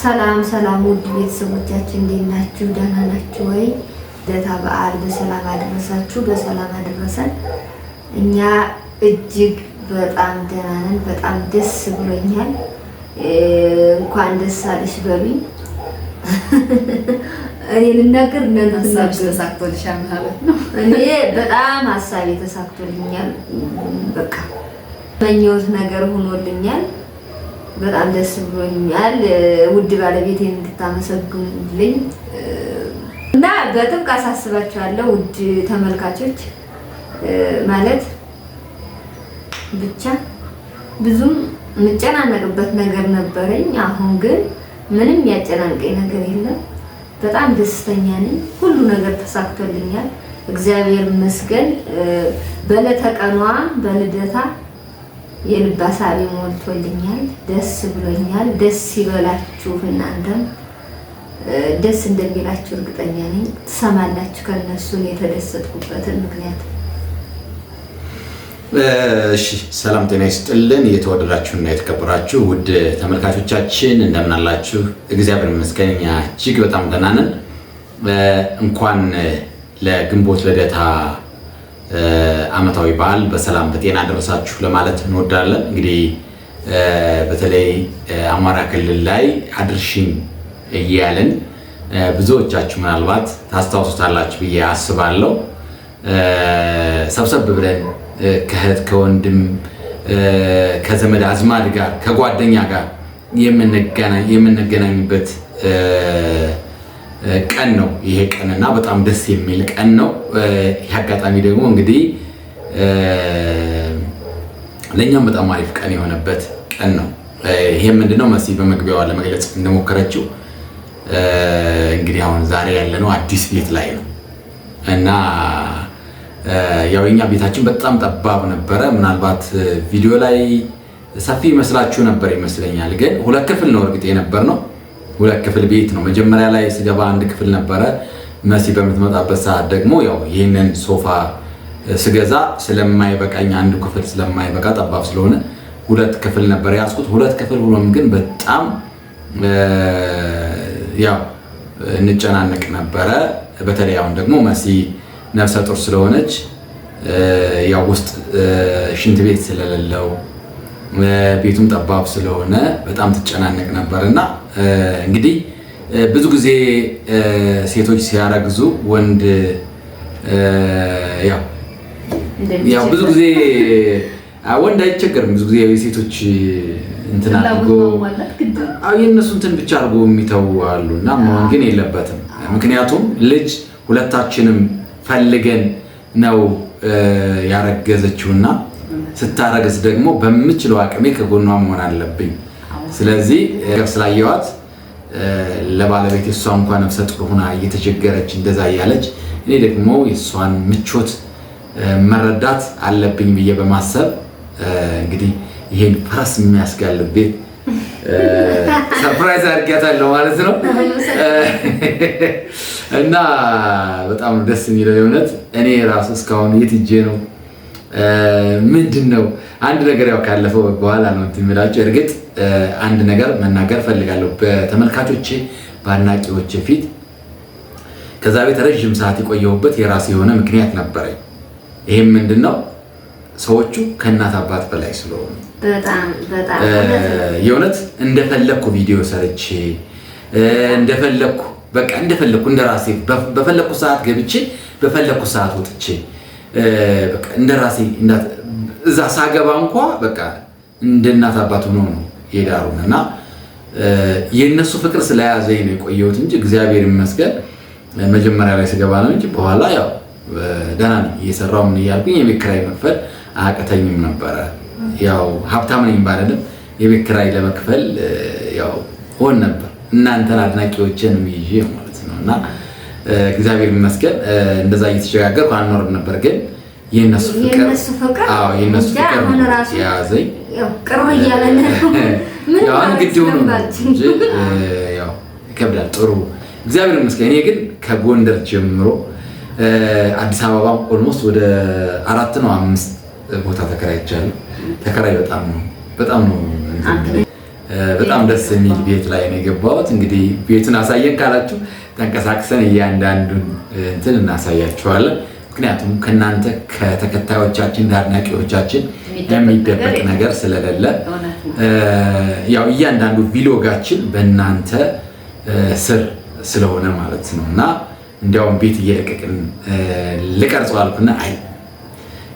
ሰላም ሰላም፣ ውድ ቤተሰቦቻችን እንዴት ናችሁ? ደህና ናችሁ ወይ? ልደታ በዓል በሰላም አደረሳችሁ፣ በሰላም አደረሰን። እኛ እጅግ በጣም ደህና ነን። በጣም ደስ ብሎኛል። እንኳን ደስ አለሽ በሉኝ። እኔ ልናገር ሀሳብሽ ተሳክቶልሻል ማለት ነው። እኔ በጣም ሀሳቤ ተሳክቶልኛል። በቃ መኘሁት ነገር ሆኖልኛል። በጣም ደስ ብሎኛል። ውድ ባለቤቴን እንድታመሰግኑልኝ እና በጥብቅ አሳስባችኋለሁ ውድ ተመልካቾች ማለት ብቻ ብዙም የምጨናነቅበት ነገር ነበረኝ። አሁን ግን ምንም ያጨናንቀኝ ነገር የለም። በጣም ደስተኛ ነኝ። ሁሉ ነገር ተሳክቶልኛል። እግዚአብሔር ይመስገን። በለተቀኗ በልደታ የልብ ሀሳቤ ሞልቶልኛል። ደስ ብሎኛል። ደስ ይበላችሁ። እናንተም ደስ እንደሚላችሁ እርግጠኛ ነኝ። ትሰማላችሁ ከነሱ የተደሰጥኩበትን ምክንያት። እሺ፣ ሰላም ጤና ይስጥልን። የተወደዳችሁና የተከበራችሁ ውድ ተመልካቾቻችን እንደምን አላችሁ? እግዚአብሔር ይመስገን እኛ እጅግ በጣም ደህና ነን። እንኳን ለግንቦት ልደታ ዓመታዊ በዓል በሰላም በጤና ደረሳችሁ ለማለት እንወዳለን። እንግዲህ በተለይ አማራ ክልል ላይ አድርሽኝ እያልን ብዙዎቻችሁ ምናልባት ታስታውሱታላችሁ ብዬ አስባለሁ። ሰብሰብ ብለን ከእህት ከወንድም ከዘመድ አዝማድ ጋር ከጓደኛ ጋር የምንገናኝበት ቀን ነው ይሄ ቀን እና በጣም ደስ የሚል ቀን ነው። ይህ አጋጣሚ ደግሞ እንግዲህ ለእኛም በጣም አሪፍ ቀን የሆነበት ቀን ነው። ይሄ ምንድነው መሲ በመግቢያዋ ለመግለጽ እንደሞከረችው እንግዲህ አሁን ዛሬ ያለነው አዲስ ቤት ላይ ነው እና ያው የኛ ቤታችን በጣም ጠባብ ነበረ። ምናልባት ቪዲዮ ላይ ሰፊ ይመስላችሁ ነበር ይመስለኛል። ግን ሁለት ክፍል ነው እርግጥ የነበር ነው ሁለት ክፍል ቤት ነው። መጀመሪያ ላይ ስገባ አንድ ክፍል ነበረ። መሲ በምትመጣበት ሰዓት ደግሞ ያው ይህንን ሶፋ ስገዛ ስለማይበቃኝ አንዱ ክፍል ስለማይበቃ ጠባብ ስለሆነ ሁለት ክፍል ነበር ያዝኩት። ሁለት ክፍል ሆኖም ግን በጣም ያው እንጨናነቅ ነበረ። በተለይ አሁን ደግሞ መሲ ነፍሰ ጡር ስለሆነች ያው ውስጥ ሽንት ቤት ስለሌለው ቤቱም ጠባብ ስለሆነ በጣም ትጨናነቅ ነበር እና እንግዲህ ብዙ ጊዜ ሴቶች ሲያረግዙ ወንድ ያው ብዙ ጊዜ ወንድ አይቸገርም። ብዙ ጊዜ የሴቶች እንትን አድርጎ የእነሱ እንትን ብቻ አድርጎ የሚተው አሉ እና መሆን ግን የለበትም። ምክንያቱም ልጅ ሁለታችንም ፈልገን ነው ያረገዘችውና ስታረግዝ ደግሞ በምችለው አቅሜ ከጎኗ መሆን አለብኝ። ስለዚህ ስላየዋት ለባለቤት የእሷ እንኳ ነፍሰ ጡር ሆና እየተቸገረች እንደዛ እያለች እኔ ደግሞ የእሷን ምቾት መረዳት አለብኝ ብዬ በማሰብ እንግዲህ ይሄን ፈረስ የሚያስጋልብ ቤት ሰርፕራይዝ አድርጊያታለሁ ማለት ነው። እና በጣም ደስ የሚለው የእውነት እኔ ራሱ እስካሁን የት ሄጄ ነው ምንድን ነው አንድ ነገር ያው ካለፈው በኋላ ነው የሚላቸው። እርግጥ አንድ ነገር መናገር ፈልጋለሁ በተመልካቾች በአድናቂዎች ፊት። ከዛ ቤት ረዥም ሰዓት የቆየሁበት የራሴ የሆነ ምክንያት ነበረኝ። ይህም ምንድን ነው ሰዎቹ ከእናት አባት በላይ ስለሆኑ የእውነት እንደፈለግኩ ቪዲዮ ሰርቼ እንደፈለግኩ በቃ እንደፈለግኩ እንደራሴ በፈለግኩ ሰዓት ገብቼ በፈለግኩ ሰዓት ወጥቼ እንደ ራሴ እዛ ሳገባ እንኳ በቃ እንደ እናት አባት ሆኖ ነው የዳሩን እና የእነሱ ፍቅር ስለያዘኝ ነው የቆየሁት እንጂ እግዚአብሔር ይመስገን መጀመሪያ ላይ ስገባ ነው እንጂ በኋላ ያው ደህና ነው እየሰራው ምን እያልኩኝ የቤት ኪራይ መክፈል አያቅተኝም ነበረ። ያው ሀብታም ነኝ ባለንም የቤት ኪራይ ለመክፈል ያው ሆን ነበር እናንተን አድናቂዎችን ይዤ ማለት ነው እና እግዚአብሔር ይመስገን እንደዛ እየተሸጋገርኩ አልኖርም ነበር፣ ግን የነሱ ፍቅር የነሱ ፍቅር የያዘኝ አሁን ግድ ሆኖ እንጂ ይከብዳል። ጥሩ እግዚአብሔር ይመስገን። እኔ ግን ከጎንደር ጀምሮ አዲስ አበባ ኦልሞስት ወደ አራት ነው አምስት ቦታ ተከራይቻለሁ። ተከራይ በጣም ነው በጣም ነው በጣም ደስ የሚል ቤት ላይ ነው የገባሁት። እንግዲህ ቤቱን አሳየን ካላችሁ ተንቀሳቅሰን እያንዳንዱን እንትን እናሳያቸዋለን። ምክንያቱም ከእናንተ ከተከታዮቻችን አድናቂዎቻችን የሚደበቅ ነገር ስለሌለ ያው እያንዳንዱ ቪሎጋችን በእናንተ ስር ስለሆነ ማለት ነው እና እንዲያውም ቤት እየለቀቅን ልቀርጸው አልኩና አይ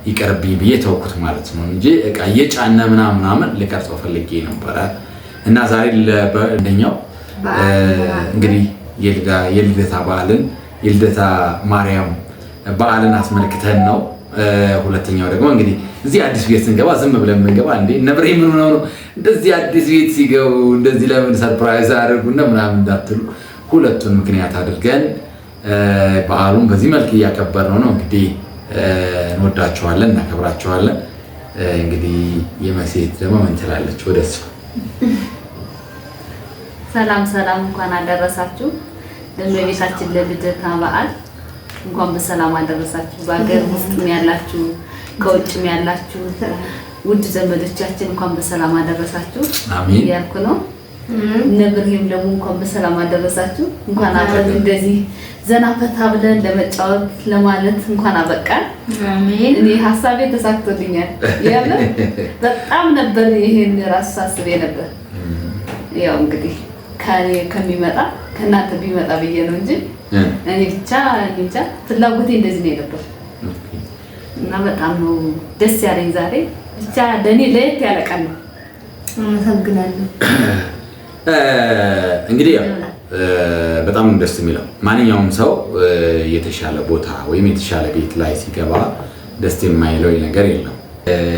ይቀርብኝ ብዬ ተውኩት ማለት ነው እንጂ እቃ እየጫነ ምናምን ምናምን ልቀርጸው ፈልጌ ነበረ እና ዛሬ ለበእንደኛው እንግዲህ የልደታ በዓልን የልደታ ማርያም በዓልን አስመልክተን ነው። ሁለተኛው ደግሞ እንግዲህ እዚህ አዲስ ቤት ስንገባ ዝም ብለን የምንገባ እንዴ ነብሬ ምን ሆነው ነው እንደዚህ አዲስ ቤት ሲገቡ እንደዚህ ለምን ሰርፕራይዝ አደርጉና ምናምን እንዳትሉ ሁለቱን ምክንያት አድርገን በዓሉን በዚህ መልክ እያከበርነው ነው። እንግዲህ እንወዳችኋለን፣ እናከብራችኋለን። እንግዲህ የመሴት ደግሞ ምን ትላለች ወደ እሷ ሰላም ሰላም፣ እንኳን አደረሳችሁ ለእመቤታችን ለልደታ በዓል እንኳን በሰላም አደረሳችሁ። በሀገር ውስጥም ያላችሁ ከውጭም ያላችሁ ውድ ዘመዶቻችን እንኳን በሰላም አደረሳችሁ እያልኩ ነው። ነብርህም ደግሞ እንኳን በሰላም አደረሳችሁ። እንኳን አብረን እንደዚህ ዘና ፈታ ብለን ለመጫወት ለማለት እንኳን አበቃል። እኔ ሀሳቤ ተሳክቶልኛል። ያለ በጣም ነበር ይሄን ራሱ ሳስቤ ነበር። ያው እንግዲህ ከሚመጣ ከእናንተ ቢመጣ ብዬ ነው እንጂ እኔ ብቻ ብቻ ፍላጎቴ እንደዚህ ነው የነበር እና በጣም ነው ደስ ያለኝ ዛሬ። ብቻ ለእኔ ለየት ያለ ቀን ነው። አመሰግናለሁ። እንግዲህ በጣም ደስ የሚለው ማንኛውም ሰው የተሻለ ቦታ ወይም የተሻለ ቤት ላይ ሲገባ ደስ የማይለው ነገር የለም።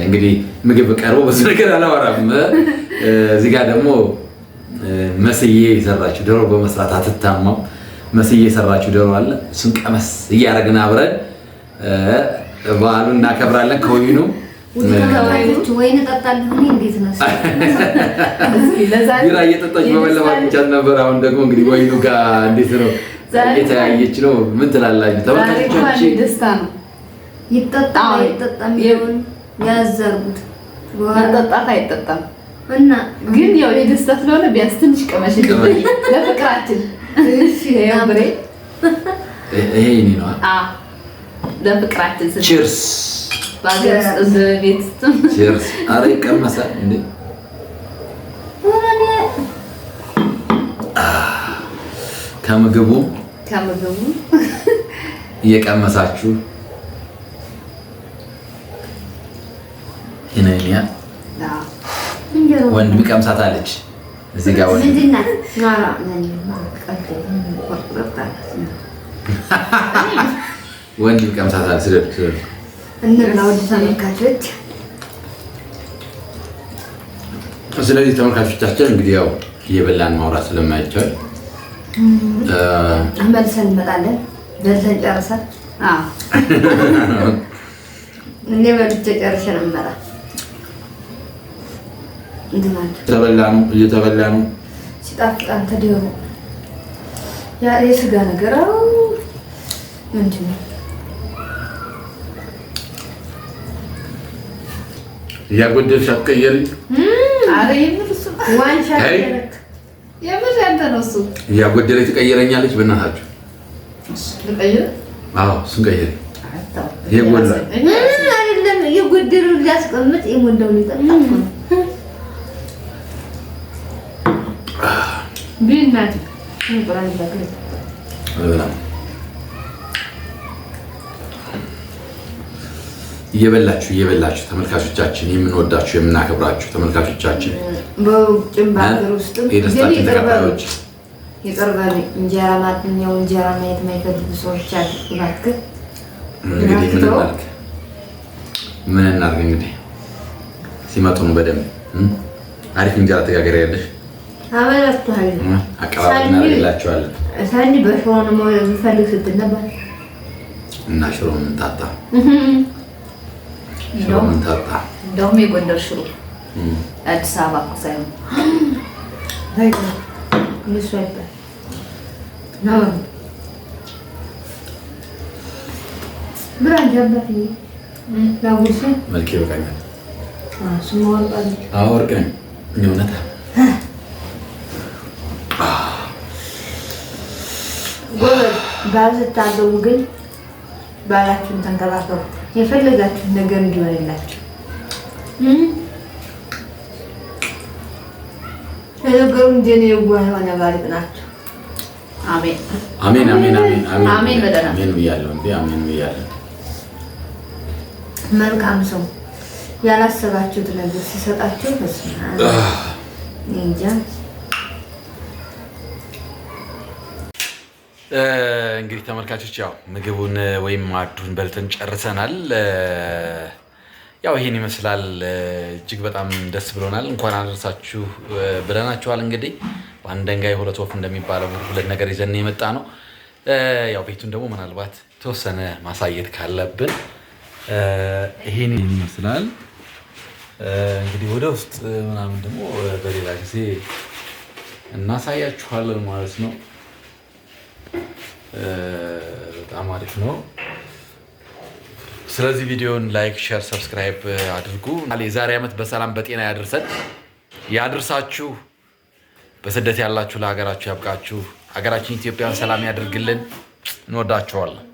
እንግዲህ ምግብ ቀርቦ ብዙ ነገር አላወራም። እዚህ ጋር ደግሞ መስዬ የሰራችሁ ዶሮ በመስራት አትታማም። መስዬ የሰራችሁ ዶሮ አለ። እሱን ቀመስ እያደረግን አብረን በዓሉን እናከብራለን። ከወይኑ ቢራ እየጠጣች በመለማት ብቻት ነበር። አሁን ደግሞ እንግዲህ ወይኑ ጋር እንዴት ነው እየተያየች ነው። ምን ትላላችሁ ተመልካቾች? ደስታ ነው። ይጠጣ አይጠጣም ያዘርጉት መጠጣት አይጠጣም እና ግን ያው የደስታ ስለሆነ ቢያንስ ትንሽ ቀመሽ ለፍቅራችን። እሺ ይሄ ነው። አዎ ለፍቅራችን ቺርስ ይቀመሳል እንዴ! ከምግቡ ከምግቡ እየቀመሳችሁ ወንድ ቢቀምሳት አለች። እዚህ ጋር ወንድ ቢቀምሳት አለች። ስደድ ስደድ እንብላ። ወደ ተመልካቾች ስለዚህ ተመልካቾቻችን እንግዲህ ያው እየበላን ማውራት ስለማይቻል መልሰን እንመጣለን። በልተን ጨርሰን እኔ በልቼ ጨርሼ ነው የምመጣው። ተበላ ነው እየተበላ ነው ሲጣፍጥ አንተ ደግሞ ያ የስጋ ነገር ምንድን ነው እያጎደልሽ አትቀየሪም። እያጎደለች ትቀይረኛለች። በእናታችሁ ስንቀይር የጎላ አይደለም የጎደሉ ሊያስቀምጥ የሞላው ሊጠጣ እየበላችሁ እየበላችሁ ተመልካቾቻችን የምንወዳችሁ የምናከብራችሁ ተመልካቾቻችን በውጭም በሀገር ውስጥም የደስታችን የቅርበ እንጀራ እንጀራ ማየት የማይፈልጉ ሰዎች አሉ። እባክህ እንግዲህ ምን እናድርግ ምን እናድርግ እንግዲህ በደንብ አሪፍ እንጀራ ተጋገር ያለሽ አበላችኋል። አቀባበል እናደርግላችኋለን። እና ሽሮ ምን ታጣ? ሽሮ ምን ታጣ? እንደውም የጎንደር ሽሮ አዲስ አበባ እኮ ሳይሆን እሱ አይባልም። መልክ ይበቃኛል። እውነት ባል ስታገቡ ግን ባላችሁን ተንከባከቡ። የፈለጋችሁት ነገር እንዲሆንላችሁ ለነገሩ እንደኔ የዋህ የሆነ ባል ይቅናችሁ። አሜን አሜን አሜን አሜን አሜን በጠና አሜን ብያለሁ እንዴ አሜን ብያለሁ። መልካም ሰው ያላሰባችሁት ነገር ሲሰጣችሁ ተስማ እንጃ እንግዲህ ተመልካቾች ያው ምግቡን ወይም ማዕዱን በልተን ጨርሰናል። ያው ይህን ይመስላል። እጅግ በጣም ደስ ብሎናል። እንኳን አደረሳችሁ ብለናችኋል። እንግዲህ በአንድ ድንጋይ ሁለት ወፍ እንደሚባለው ሁለት ነገር ይዘን የመጣ ነው። ያው ቤቱን ደግሞ ምናልባት የተወሰነ ማሳየት ካለብን ይህን ይመስላል። እንግዲህ ወደ ውስጥ ምናምን ደግሞ በሌላ ጊዜ እናሳያችኋለን ማለት ነው። በጣም አሪፍ ነው። ስለዚህ ቪዲዮን ላይክ፣ ሼር፣ ሰብስክራይብ አድርጉ። የዛሬ ዓመት በሰላም በጤና ያደርሰን ያድርሳችሁ። በስደት ያላችሁ ለሀገራችሁ ያብቃችሁ። ሀገራችን ኢትዮጵያን ሰላም ያደርግልን። እንወዳችኋለን።